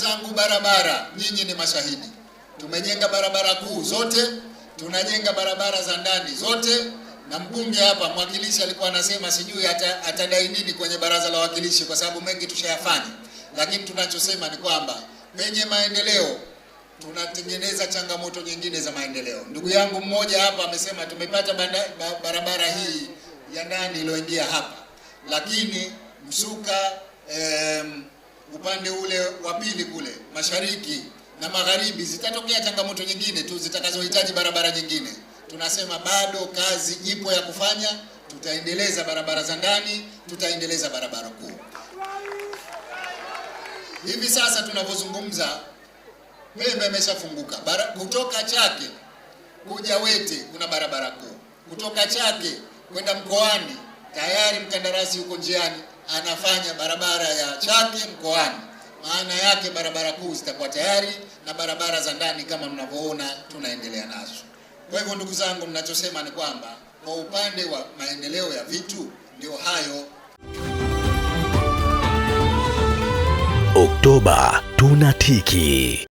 wenzangu, barabara, nyinyi ni mashahidi. Tumejenga barabara kuu zote, tunajenga barabara za ndani zote, na mbunge hapa mwakilishi alikuwa anasema sijui atadai nini kwenye baraza la wawakilishi, kwa sababu mengi tushayafanya, lakini tunachosema ni kwamba kwenye maendeleo tunatengeneza changamoto nyingine za maendeleo. Ndugu yangu mmoja hapa amesema tumepata banda, barabara hii ya ndani iliyoingia hapa, lakini Msuka upande ule wa pili kule mashariki na magharibi, zitatokea changamoto nyingine tu zitakazohitaji barabara nyingine. Tunasema bado kazi ipo ya kufanya, tutaendeleza barabara za ndani, tutaendeleza barabara kuu. Hivi sasa tunavyozungumza, Pemba imeshafunguka kutoka Chake kuja Wete kuna barabara kuu, kutoka Chake kwenda Mkoani tayari mkandarasi yuko njiani anafanya barabara ya Chake mkoani. Maana yake barabara kuu zitakuwa tayari na barabara za ndani kama mnavyoona tunaendelea nazo. Kwa hivyo, ndugu zangu, mnachosema ni kwamba kwa upande wa maendeleo ya vitu ndio hayo. Oktoba tunatiki.